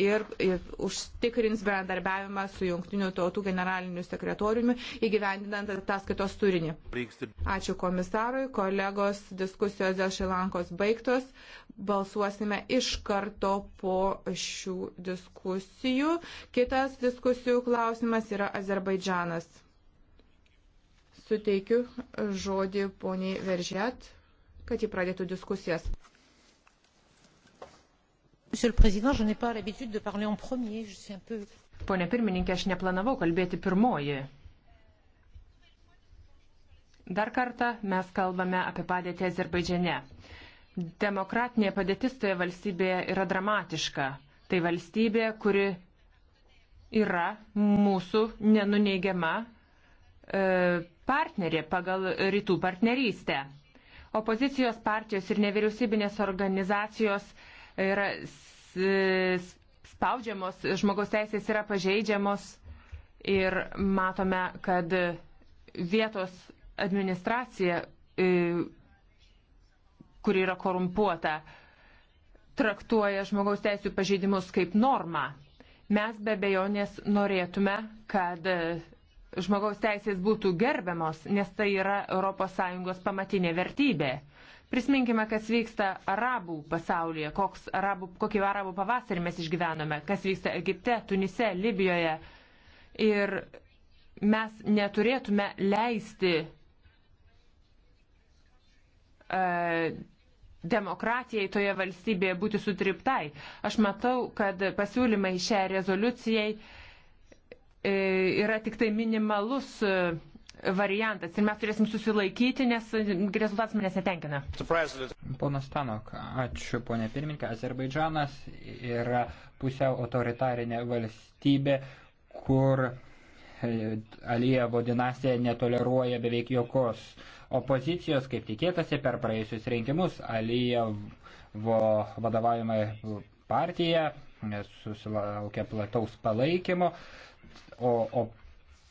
ir užtikrins bendarbiavimą su jungtiniu tautų generaliniu sekretoriumi įgyvendinant ataskaitos turinį. Ačiū komisarui, kolegos diskusijos dėl Šilankos baigtos. Balsuosime iš karto po šių diskusijų. Kitas diskusijų klausimas yra Azerbaidžanas. Suteikiu žodį poniai Veržet, kad ji pradėtų diskusijas. Pone pirmininkė, aš neplanavau kalbėti pirmoji. Dar kartą mes kalbame apie padėtį Azerbaidžiane. Demokratinė padėtis toje valstybėje yra dramatiška. Tai valstybė, kuri yra mūsų nenuneigiama e, partnerė pagal rytų partnerystę. Opozicijos partijos ir nevyriausybinės organizacijos uh, yra spaudžiamos, žmogaus teisės yra pažeidžiamos ir matome, kad vietos administracija, e, kuri yra korumpuota, traktuoja žmogaus teisų pažeidimus kaip normą. Mes be bejonės norėtume, kad žmogaus teisės būtų gerbiamos, nes tai yra ES pamatinė vertybė. Prisiminkime, kas vyksta arabų pasaulyje, arabų, kokį arabų pavasarį mes išgyvenome, kas vyksta Egipte, Tunise, Libijoje. Ir mes neturėtume leisti uh, demokratijai toje valstybėje būti sutriptai. Aš matau, kad pasiūlymai šią rezoliucijai e, yra tik tai minimalus uh, variantas ir mes turėsim susilaikyti, nes rezultatas manęs netenkina. Ponas Tanok, ačiū ponė pirmininkė. Azerbaidžanas yra pusiau autoritarinė valstybė, kur e, Alijevo dinastija netoleruoja beveik jokios opozicijos, kaip tikėtasi per praėjusius rinkimus. Alijevo vadovaujama partija susilaukia plataus palaikymo, o, o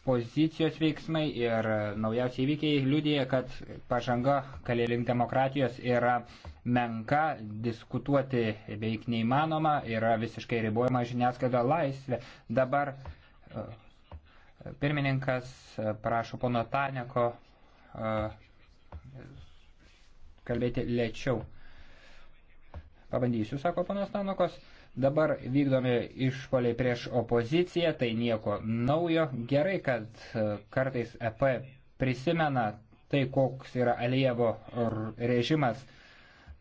pozicijos veiksmai ir naujausiai įvykiai liudija, kad pažanga kalėlink demokratijos yra menka, diskutuoti beveik neįmanoma, yra visiškai ribojama žiniasklaida laisvė. Dabar e, pirmininkas e, prašo pono Taneko e, kalbėti lėčiau. Pabandysiu, sako ponas Tanokos. Dabar vykdomi išpoliai prieš opoziciją, tai nieko naujo. Gerai, kad e, kartais EP prisimena tai, koks yra Alievo režimas.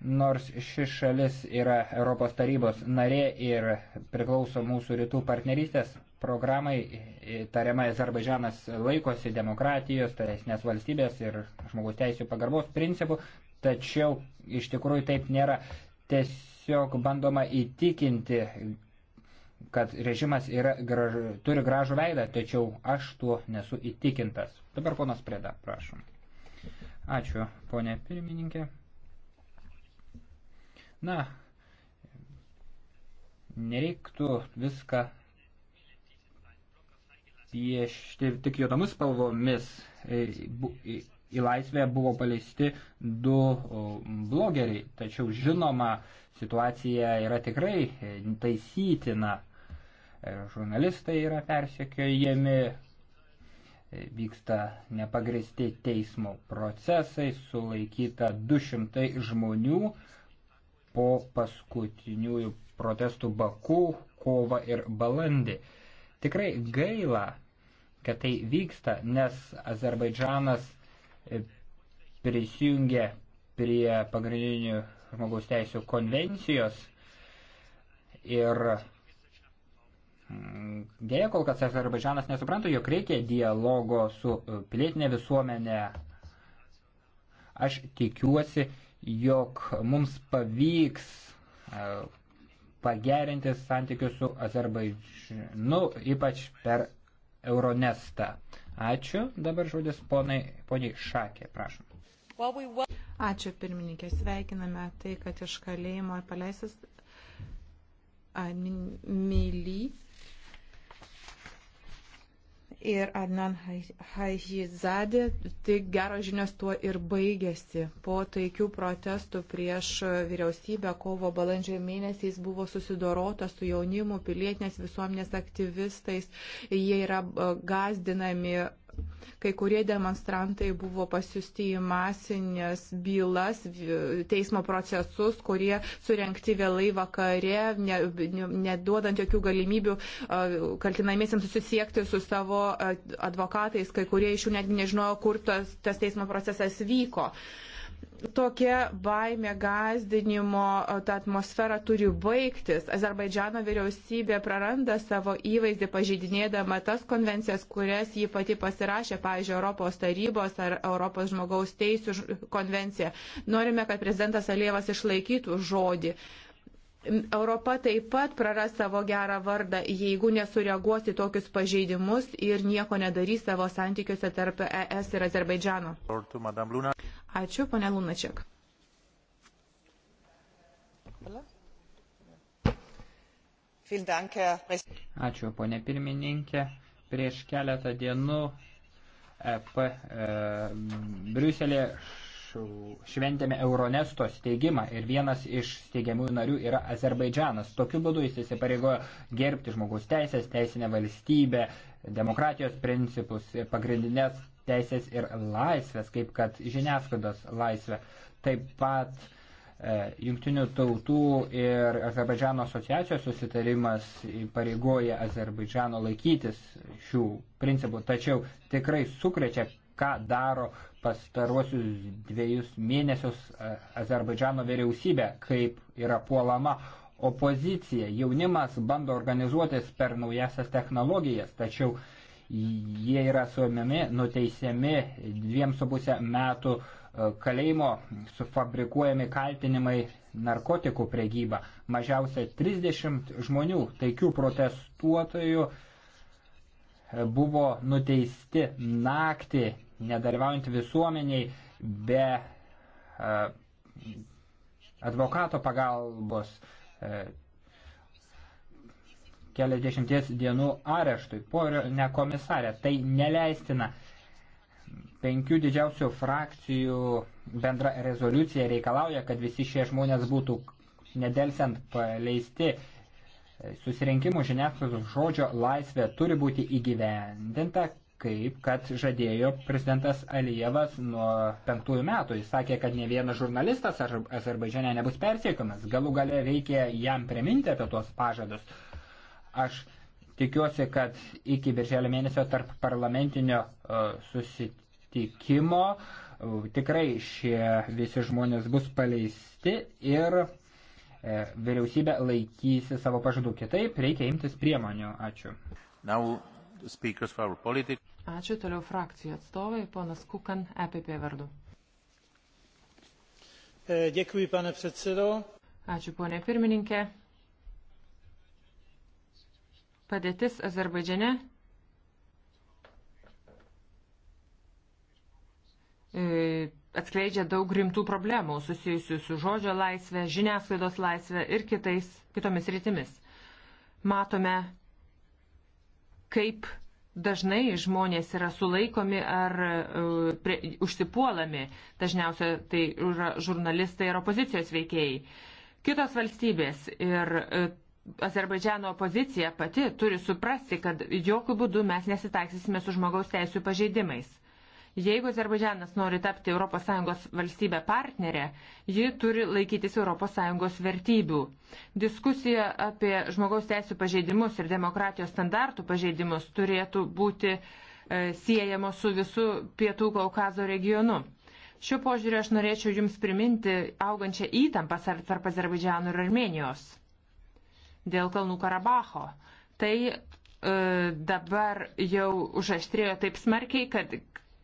Nors ši šalis yra Europos tarybos narė ir priklauso mūsų rytų partnerystės programai, e, tariamai Azerbaidžanas laikosi demokratijos, teisinės valstybės ir žmogaus teisų pagarbos principų, tačiau iš tikrųjų taip nėra. Ties tiesiog bandoma įtikinti, kad režimas yra, graž, turi gražų veidą, tačiau aš tuo nesu įtikintas. Dabar ponas Preda, prašom. Ačiū, ponė pirmininkė. Na, nereiktų viską piešti tik juodomis spalvomis. E, e, į laisvę buvo paleisti du blogeriai, tačiau žinoma, situacija yra tikrai e, taisytina. E, žurnalistai yra persekiojami, e, vyksta nepagristi teismo procesai, sulaikyta 200 žmonių po paskutiniųjų protestų Baku kovą ir balandį. Tikrai gaila, kad tai vyksta, nes Azerbaidžanas prisijungė prie pagrindinių žmogaus teisų konvencijos ir mm, dėja kol kas Azerbaidžanas nesupranta, jog reikia dialogo su e, pilietinė visuomenė. Aš tikiuosi, jog mums pavyks e, pagerinti santykius su Azerbaidžanu, ypač per Euronestą. Ačiū. Dabar žodis ponai, poniai Šakė, prašom. Ačiū pirmininkė, sveikiname tai, kad iš kalėjimo paleistas Myly ir Adnan Haihizadė, tai geros žinios tuo ir baigėsi. Po taikių protestų prieš vyriausybę kovo balandžio mėnesiais buvo susidorota su jaunimu, pilietinės visuomenės aktyvistais, jie yra e, gazdinami Kai kurie demonstrantai buvo pasiusti į masinės bylas, teismo procesus, kurie surenkti vėlai vakare, ne, ne, neduodant jokių galimybių kaltinamiesiams susisiekti su savo advokatais, kai kurie iš jų net nežinojo, kur tas, tas teismo procesas vyko. Uh, tokia baime gazdinimo ta atmosfera turi baigtis. Azerbaidžiano vyriausybė praranda savo įvaizdį pažydinėdama tas konvencijas, kurias jį pati pasirašė, pavyzdžiui, Europos tarybos ar Europos žmogaus teisų konvencija. Norime, kad prezidentas Alievas išlaikytų žodį. Europa taip pat praras savo gerą vardą, jeigu nesureaguos į tokius pažeidimus ir nieko nedarys savo santykiuose tarp ES ir Azerbaidžiano. Ačiū, ponė Lunačiak. Ačiū, ponė pirmininkė. Prieš keletą dienų EP e, e Briuselė šventėme Euronesto steigimą ir vienas iš steigiamųjų narių yra Azerbaidžanas. Tokiu būdu jis įsipareigojo gerbti žmogaus teisės, teisinę valstybę, demokratijos principus ir pagrindinės teisės ir laisvės, kaip kad žiniasklaidos laisvė. Taip pat e, Junktinių tautų ir Azerbaidžiano asociacijos susitarimas pareigoja Azerbaidžiano laikytis šių principų, tačiau tikrai sukrečia, ką daro pastaruosius dviejus mėnesius e, Azerbaidžiano vyriausybė, kaip yra puolama opozicija. Jaunimas bando organizuotis per naujasias technologijas, tačiau e, Jie yra suėmiami, nuteisiami dviem su pusę metų e, kalėjimo, sufabrikuojami kaltinimai narkotikų priegyba. Mažiausia 30 žmonių, taikių protestuotojų, e, buvo nuteisti naktį, nedalyvaujant visuomeniai, be e, advokato pagalbos keliasdešimties dienų areštui. Pone komisarė, tai neleistina. Penkių didžiausių frakcijų bendra rezoliucija reikalauja, kad visi šie žmonės būtų nedelsiant paleisti. Susirinkimų žiniasklaidos žodžio laisvė turi būti įgyvendinta, kaip kad žadėjo prezidentas Alijevas nuo penktųjų metų. Jis sakė, kad ne vienas žurnalistas Azerbaidžiane nebus persiekamas. Galų gale reikia jam priminti apie tuos pažadus. Aš tikiuosi, kad iki birželio mėnesio tarp parlamentinio e, susitikimo e, tikrai šie visi žmonės bus paleisti ir e, vyriausybė laikysi savo pažadų. Kitaip reikia imtis priemonių. Ačiū. Now, Ačiū toliau frakcijų atstovai, ponas Kukan, EPP vardu. Dėkui, pane predsedo. Ačiū, ponė pirmininkė. Padėtis Azerbaidžiane e, atskleidžia daug rimtų problemų susijusių su žodžio laisvė, žiniasklaidos laisvė ir kitais, kitomis rytimis. Matome, kaip dažnai žmonės yra sulaikomi ar uh, prie, užsipuolami, dažniausiai tai yra žurnalistai ir opozicijos veikėjai. Kitos valstybės ir uh, Azerbaidžiano opozicija pati turi suprasti, kad jokių būdų mes nesitaiksime su žmogaus teisų pažeidimais. Jeigu Azerbaidžianas nori tapti ES valstybę partnerę, ji turi laikytis ES vertybių. Diskusija apie žmogaus teisų pažeidimus ir demokratijos standartų pažeidimus turėtų būti e, siejamos su visu Pietų Kaukazo regionu. Šiuo požiūriu aš norėčiau Jums priminti augančią įtampą tarp Azerbaidžiano ir Armenijos dėl Kalnų Karabacho. Tai e, dabar jau užaštrėjo taip smarkiai, kad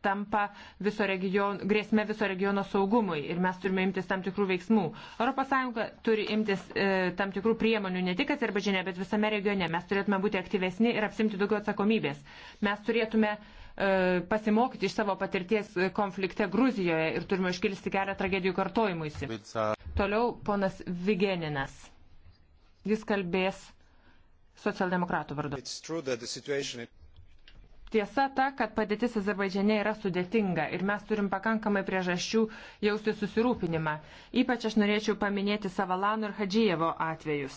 tampa viso region, grėsme viso regiono saugumui ir mes turime imtis tam tikrų veiksmų. ES turi imtis e, tam tikrų priemonių ne tik Azerbaidžiane, bet visame regione. Mes turėtume būti aktyvesni ir apsimti daugiau atsakomybės. Mes turėtume e, pasimokyti iš savo patirties konflikte Gruzijoje ir turime iškilsti gerą tragedijų kartojimuisi. Toliau ponas Vigeninas. Jis kalbės socialdemokratų vardu. Tiesa ta, kad padėtis Azerbaidžiane yra sudėtinga ir mes turim pakankamai priežasčių jausti susirūpinimą. Ypač aš norėčiau paminėti Savalano ir Hadžijevo atvejus.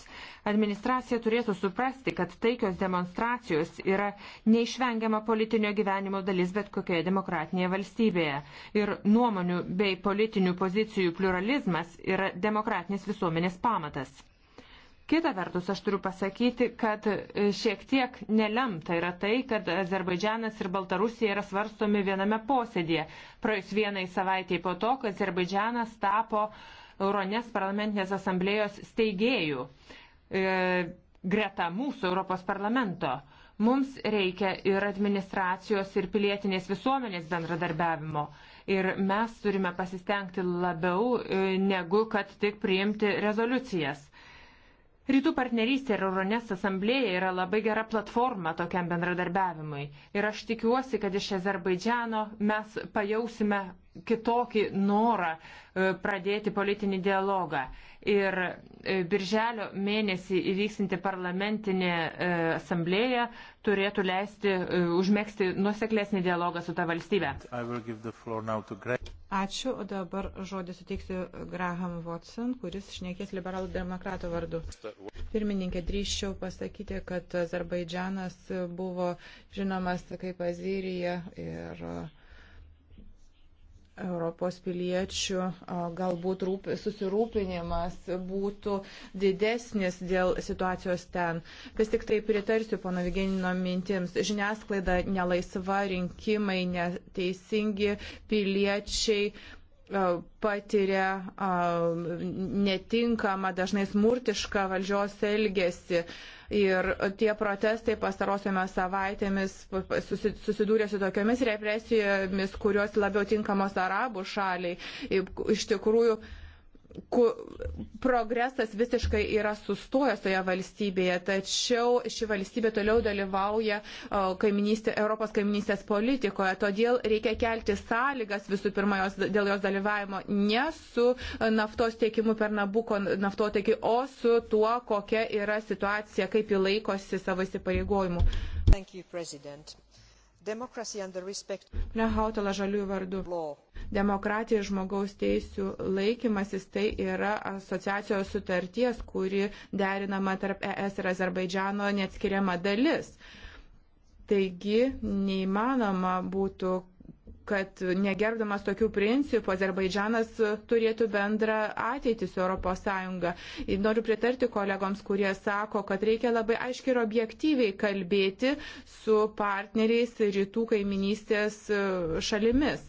Administracija turėtų suprasti, kad taikios demonstracijos yra neišvengiama politinio gyvenimo dalis bet kokioje demokratinėje valstybėje. Ir nuomonių bei politinių pozicijų pluralizmas yra demokratinės visuomenės pamatas. Kita vertus, aš turiu pasakyti, kad e, šiek tiek nelemta yra tai, kad Azerbaidžianas ir Baltarusija yra svarstomi viename posėdėje. Praėjus vienai savaitėjai po to, kad Azerbaidžianas tapo Euronės parlamentinės asamblėjos steigėjų e, greta mūsų Europos parlamento. Mums reikia ir administracijos, ir pilietinės visuomenės bendradarbiavimo ir mes turime pasistengti labiau e, negu kad tik priimti rezoliucijas. Rytų partnerystė ir Euronės asamblėje yra labai gera platforma tokiam bendradarbiavimui. Ir aš tikiuosi, kad iš Azerbaidžiano mes pajausime kitokį norą e, pradėti politinį dialogą. Ir e, birželio mėnesį įvyksinti parlamentinė e, asamblėja turėtų leisti užmėgsti nuseklesnį dialogą su ta valstybė. Ačiū, o dabar žodį suteiksiu Graham Watson, kuris šnekės liberalų demokratų vardu. Pirmininkė, drįščiau pasakyti, kad Azerbaidžianas buvo žinomas kaip Azirija ir Europos piliečių galbūt rūp, susirūpinimas būtų didesnis dėl situacijos ten. Vis tik tai pritarsiu pono Vigenino mintims. Žiniasklaida nelaisva, rinkimai neteisingi, piliečiai E, patiria e, netinkamą, dažnai smurtišką valdžios elgesį. Ir tie protestai pastarosiomis savaitėmis susidūrė su tokiamis represijomis, kurios labiau tinkamos arabų šaliai. Iš tikrųjų, ku, progresas visiškai yra sustojęs toje valstybėje, tačiau ši valstybė toliau dalyvauja kaiminystė, Europos kaiminystės politikoje. Todėl reikia kelti sąlygas visų pirma jos, dėl jos dalyvavimo ne su e, naftos tiekimu per Nabuko naftotekį, o su tuo, kokia yra situacija, kaip ji laikosi savo įsipareigojimų. Thank you, President. Pane Hautala žaliųjų vardu. Demokratija ir žmogaus teisų laikymasis tai yra asociacijos sutarties, kuri derinama tarp ES ir Azerbaidžiano neatskiriama dalis. Taigi neįmanoma būtų, kad negerbdamas tokių principų Azerbaidžanas turėtų bendrą ateitį su ES. Ir noriu pritarti kolegoms, kurie sako, kad reikia labai aiškiai ir objektyviai kalbėti su partneriais rytų kaiminystės e, šalimis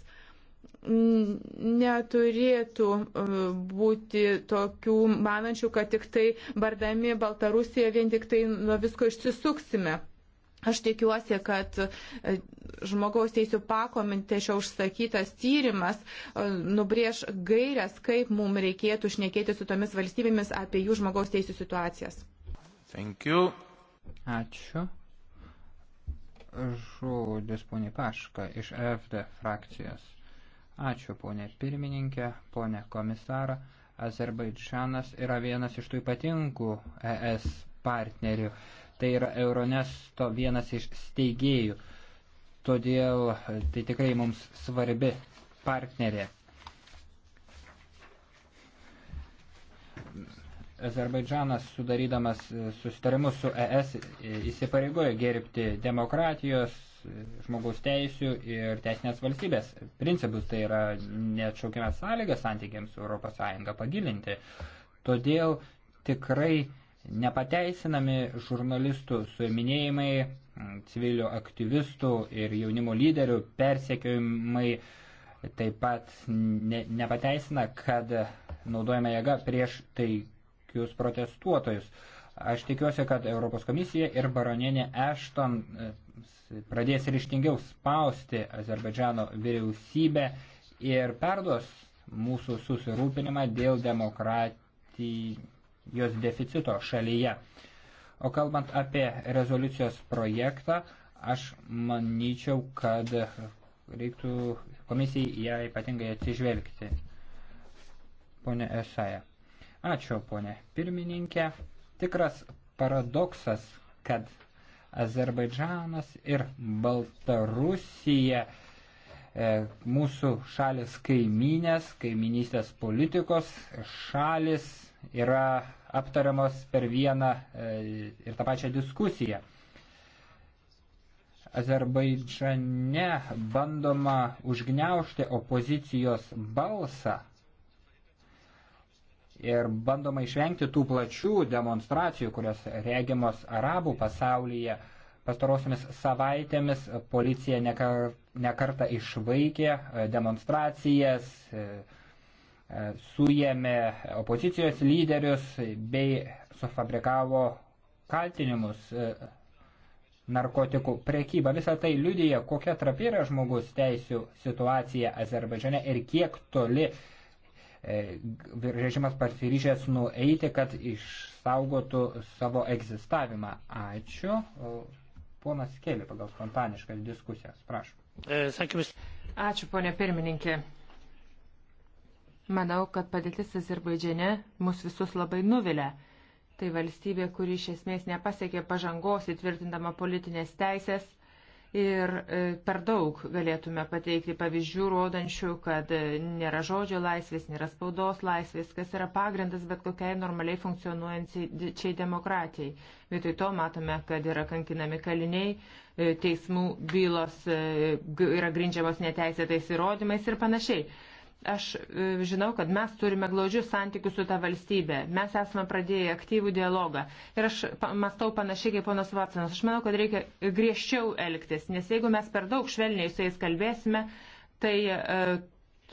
neturėtų e, būti tokių manančių, kad tik tai bardami Baltarusiją vien tik tai nuo visko išsisuksime. Aš tikiuosi, kad e, žmogaus teisų pakomintešio užsakytas tyrimas e, nubrėž gairias, kaip mums reikėtų šnekėti su tomis valstybėmis apie jų žmogaus teisų situacijas. Thank you. Ačiū. Žodis ponė Paška iš e FD frakcijos. Ačiū ponė pirmininkė, ponė komisara. Azerbaidžanas yra vienas iš tų ypatingų ES partnerių tai yra Euronesto vienas iš steigėjų. Todėl tai tikrai mums svarbi partnerė. Azerbaidžanas sudarydamas sustarimus su ES įsipareigojo gerbti demokratijos, žmogaus teisių ir teisinės valstybės principus, tai yra neatšaukiamas sąlygas santykiams su ES pagilinti. Todėl tikrai Nepateisinami žurnalistų suiminėjimai, mm, civilių aktyvistų ir jaunimo lyderių persekiojimai taip pat ne, nepateisina, kad naudojame jėgą prieš taikius protestuotojus. Aš tikiuosi, kad Europos komisija ir baronienė Ashton e, pradės ryštingiau spausti Azerbaidžiano vyriausybę ir perduos mūsų susirūpinimą dėl demokratijos jos deficito šalyje. O kalbant apie rezoliucijos projektą, aš manyčiau, kad reiktų komisijai ją ypatingai atsižvelgti. Pone Esaja. Ačiū, ponė pirmininkė. Tikras paradoksas, kad Azerbaidžanas ir Baltarusija uh, E, mūsų šalis kaiminės, kaiminystės politikos šalis yra aptariamos per vieną e, ir tą pačią diskusiją. Azerbaidžane bandoma užgneušti opozicijos balsą ir bandoma išvengti tų plačių demonstracijų, kurios regimos arabų pasaulyje. Pastarosiamis savaitėmis policija nekar, nekarta išvaikė e, demonstracijas, e, e, suėmė opozicijos lyderius bei sufabrikavo kaltinimus narkotikų prekyba. Visą tai liudyja, kokia trapi yra žmogus teisų situacija Azerbaidžiane ir kiek toli režimas pasiryžęs nueiti, kad išsaugotų savo egzistavimą. Ačiū. Ponas Kelė pagal spontaniškas diskusijas. Prašom. E, Ačiū, ponė pirmininkė. Manau, kad padėtis Azerbaidžiane mus visus labai nuvilia. Tai valstybė, kuri iš esmės nepasiekė pažangos įtvirtindama politinės teisės ir e, per daug galėtume pateikti pavyzdžių rodančių, kad e, nėra žodžio laisvės, nėra spaudos laisvės, kas yra pagrindas bet kokiai normaliai funkcionuojančiai demokratijai. Vietoj to matome, kad yra kankinami kaliniai, e, teismų bylos yra grindžiamos neteisėtais įrodymais ir panašiai. Aš e, žinau, kad mes turime glaudžius santykius su ta valstybė. Mes esame pradėję aktyvų dialogą. Ir aš mastau panašiai kaip ponas Vatsanas. Aš manau, kad reikia griežčiau elgtis, nes jeigu mes per daug švelniai su jais kalbėsime, tai e,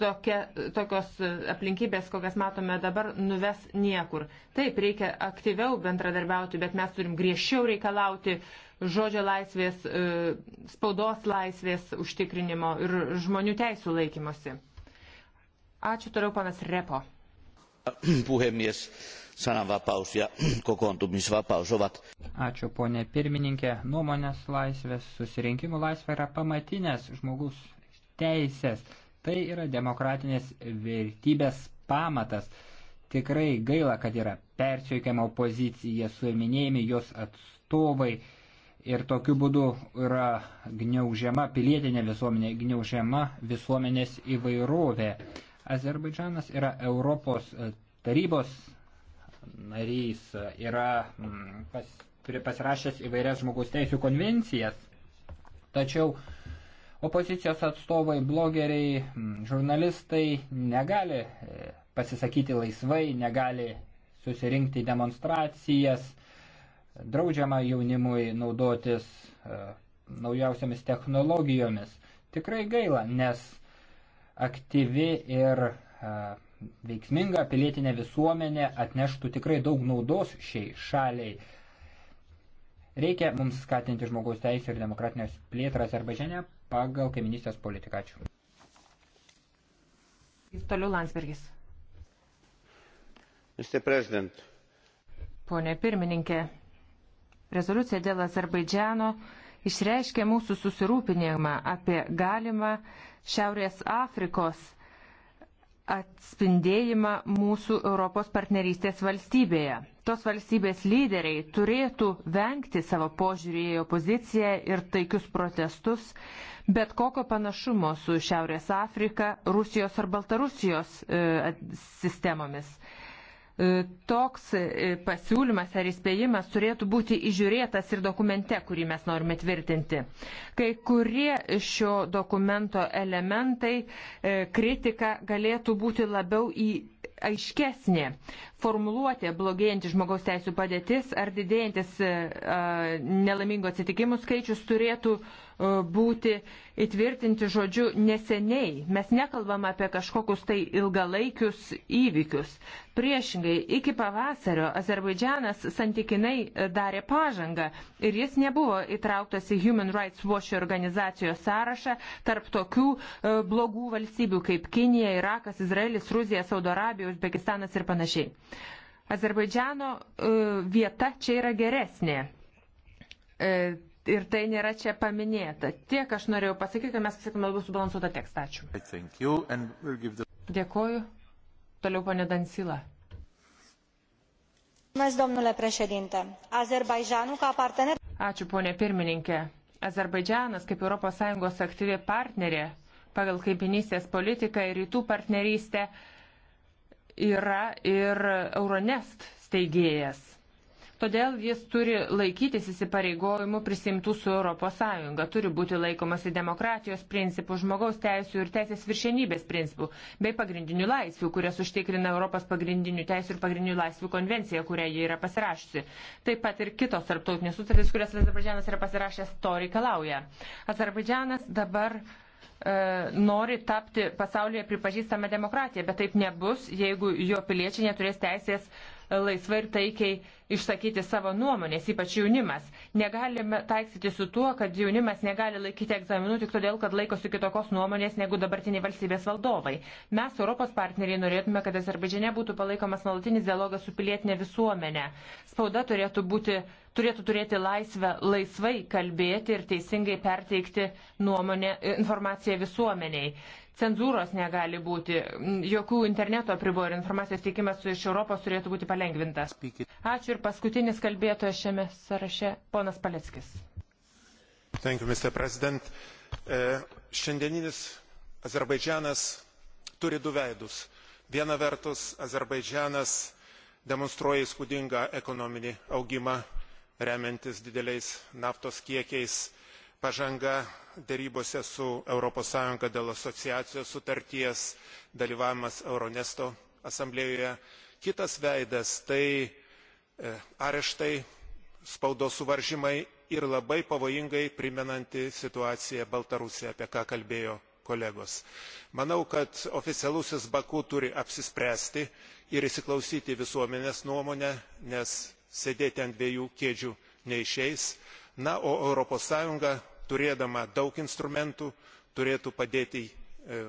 tokia, tokios aplinkybės, kokias matome dabar, nuves niekur. Taip, reikia aktyviau bendradarbiauti, bet mes turim griežčiau reikalauti žodžio laisvės, e, spaudos laisvės užtikrinimo ir žmonių teisų laikymosi. Ačiū toliau, panas Repo. Puhemies, sananvapaus ja kokoontumisvapaus ovat. Ačiū, ponė pirmininkė. Nuomonės laisvės, susirinkimų laisvė yra pamatinės žmogus teisės. Tai yra demokratinės vertybės pamatas. Tikrai gaila, kad yra persiekiama opozicija, suiminėjami jos atstovai ir tokiu būdu yra gniaužiama pilietinė visuomenė, gniaužiama visuomenės įvairovė. Azerbaidžanas yra Europos e, tarybos narys, e, yra mm, pas, pasirašęs įvairias žmogaus teisų konvencijas, tačiau opozicijos atstovai, blogeriai, mm, žurnalistai negali e, pasisakyti laisvai, negali susirinkti demonstracijas, draudžiama jaunimui naudotis naujausiamis technologijomis. Tikrai gaila, nes aktyvi ir e, veiksminga pilietinė visuomenė atneštų tikrai daug naudos šiai šaliai. Reikia mums skatinti žmogaus teisų ir demokratinės plėtras Azerbaidžiane pagal kaiminystės politiką. Ačiū. Ir toliau Landsbergis. Mr. President. Pone pirmininkė, rezoliucija dėl Azerbaidžiano išreiškė mūsų susirūpinimą apie galimą Šiaurės Afrikos atspindėjimą mūsų Europos partnerystės valstybėje. Tos valstybės lyderiai turėtų vengti savo požiūrį į opoziciją ir taikius protestus, bet kokio panašumo su Šiaurės Afrika, Rusijos ar Baltarusijos e, sistemomis. E, toks e, pasiūlymas ar įspėjimas turėtų būti įžiūrėtas ir dokumente, kurį mes norime tvirtinti. Kai kurie šio dokumento elementai, e, kritika galėtų būti labiau į aiškesnė formuluotė blogėjanti žmogaus teisų padėtis ar didėjantis nelaimingo atsitikimų skaičius turėtų uh, E, būti įtvirtinti žodžiu neseniai. Mes nekalbam apie kažkokius tai ilgalaikius įvykius. Priešingai, iki pavasario Azerbaidžianas santykinai e, darė pažangą ir jis nebuvo įtrauktas į Human Rights Watch organizacijos sąrašą tarp tokių e, blogų valstybių kaip Kinija, Irakas, Izraelis, Rusija, Saudo Arabija, Uzbekistanas ir panašiai. Azerbaidžiano vieta čia yra geresnė ir tai nėra čia paminėta. Tiek aš norėjau pasakyti, kad mes pasiekime labiau subalansuotą tekstą. Ačiū. The... Dėkoju. Toliau ponė Dansila. Ačiū ponė pirmininkė. Azerbaidžianas kaip ES aktyvi partnerė pagal kaiminystės politiką ir rytų partnerystę yra ir Euronest steigėjas. Todėl jis turi laikytis įsipareigojimų prisimtų su ES, turi būti laikomasi demokratijos principų, žmogaus teisų ir teisės viršenybės principų, bei pagrindinių laisvių, kurias užtikrina Europos pagrindinių teisų ir pagrindinių laisvių konvencija, kurią jie yra pasirašusi. Taip pat ir kitos tarptautinės sutartys, kurias Azerbaidžianas yra pasirašęs, to reikalauja. Azerbaidžianas dabar e, nori tapti pasaulyje pripažįstama demokratija, bet taip nebus, jeigu jo piliečiai neturės teisės uh, laisvai ir taikiai išsakyti savo nuomonės, ypač jaunimas. Negalime taiksyti su tuo, kad jaunimas negali laikyti egzaminų tik todėl, kad laikosi kitokios nuomonės negu dabartiniai valstybės valdovai. Mes, Europos partneriai, norėtume, kad Azerbaidžiane būtų palaikomas nuolatinis dialogas su pilietinė visuomenė. Spauda turėtų būti turėtų turėti laisvę laisvai kalbėti ir teisingai perteikti nuomonę, informaciją visuomeniai. Cenzūros negali būti, jokių interneto apribojų ir informacijos teikimas iš Europos turėtų būti palengvintas. Ačiū ir paskutinis kalbėtojas šiame sąraše, ponas Paleckis. Thank you, Mr. President. E, šiandieninis Azerbaidžianas turi du veidus. Viena vertus, Azerbaidžianas demonstruoja įspūdingą ekonominį augimą remiantis dideliais naftos kiekiais pažanga dėrybose su europos sąjunga dėl asociacijos sutarties dalyvavimas euronesto asamblėjoje kitas veidas tai e, areštai spaudos suvaržymai ir labai pavojingai primenanti situacija baltarusijoje apie ką kalbėjo kolegos. manau kad oficialusis baku turi apsispręsti ir įsiklausyti į visuomenės nuomonę nes sėdėti ant dviejų kėdžių neišeis na o europos sąjunga turėdama daug instrumentų turėtų padėti e,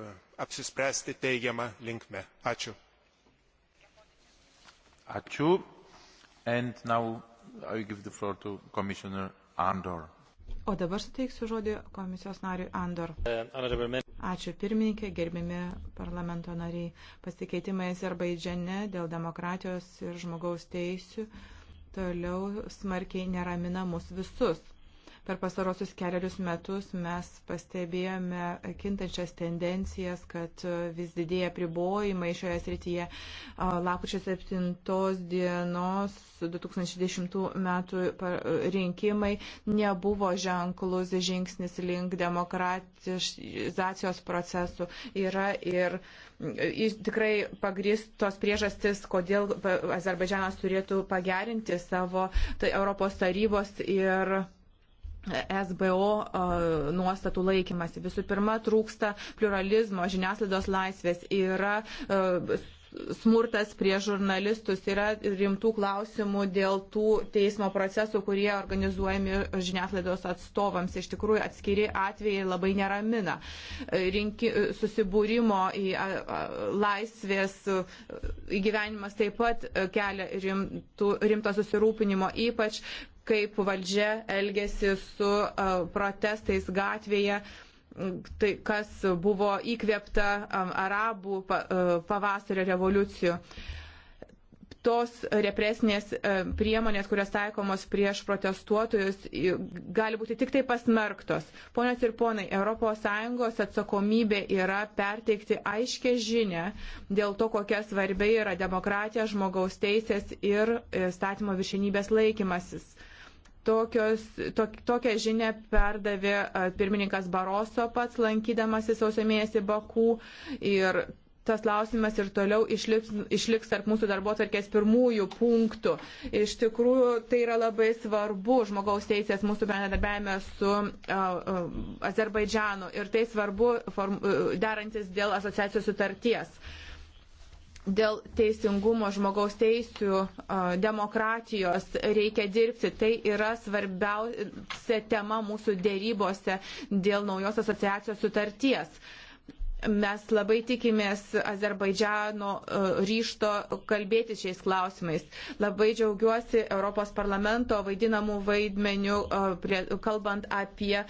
apsispręsti teigiama linkme. ačiū. ačiū. And now I give the floor to Commissioner Andor. O dabar suteiksiu žodį komisijos nariui Andor. E, ačiū pirmininkė, gerbiami parlamento nariai. Pasikeitimai Azerbaidžiane dėl demokratijos ir žmogaus teisių toliau smarkiai neramina mus visus. Per pastarosius keliarius metus mes pastebėjome kintančias tendencijas, kad e, vis didėja pribojimai šioje srityje. Lapučio 7 dienos 2010 metų rinkimai nebuvo ženklus žingsnis link demokratizacijos procesų. Yra ir tikrai pagristos priežastis, kodėl Azerbaidžianas turėtų pagerinti savo tai Europos tarybos ir SBO nuostatų laikymasi. Visų pirma, trūksta pluralizmo, žiniasklaidos laisvės, yra smurtas prie žurnalistus, yra rimtų klausimų dėl tų teismo procesų, kurie organizuojami žiniasklaidos atstovams. Iš tikrųjų, atskiri atvejai labai neramina. Rinki, susibūrimo į laisvės įgyvenimas taip pat kelia rimtų, rimto susirūpinimo, ypač kaip valdžia elgėsi su protestais gatvėje tai kas buvo įkvėpta arabų pavasario revoliucijų. Tos represinės priemonės, kurios taikomos prieš protestuotojus, gali būti tik tai pasmerktos. Ponios ir ponai, ES atsakomybė yra perteikti aiškę žinę dėl to, kokia svarbi yra demokratija, žmogaus teisės ir e, statymo viršinybės laikymasis Tokios, tok, tokią žinę perdavė pirmininkas Baroso pats lankydamasis sausio mėnesį Bakų ir tas klausimas ir toliau išliks, išliks tarp mūsų darbo tvarkės pirmųjų punktų. Iš tikrųjų, tai yra labai svarbu žmogaus teisės mūsų bendradarbiavime su uh, uh, Azerbaidžianu ir tai svarbu form, uh, derantis dėl asociacijos sutarties. Uh, dėl teisingumo, žmogaus teisų, demokratijos reikia dirbti. Tai yra svarbiausia tema mūsų dėrybose dėl naujos asociacijos sutarties. Mes labai tikimės Azerbaidžiano e, ryšto kalbėti šiais klausimais. Labai džiaugiuosi Europos parlamento vaidinamų vaidmenių, e, kalbant apie e,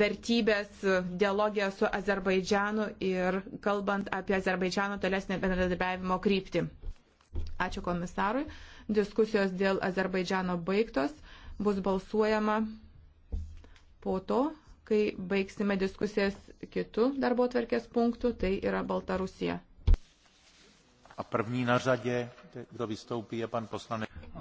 vertybės dialogiją su Azerbaidžianu ir kalbant apie Azerbaidžiano tolesnę bendradarbiavimo kryptį. Ačiū komisarui. Diskusijos dėl Azerbaidžiano baigtos. Bus balsuojama po to, kai baigsime diskusijas kitų darbo tvarkės punktų, tai yra Baltarusija. A první na řadě, kdo vystoupí, je pan poslanec.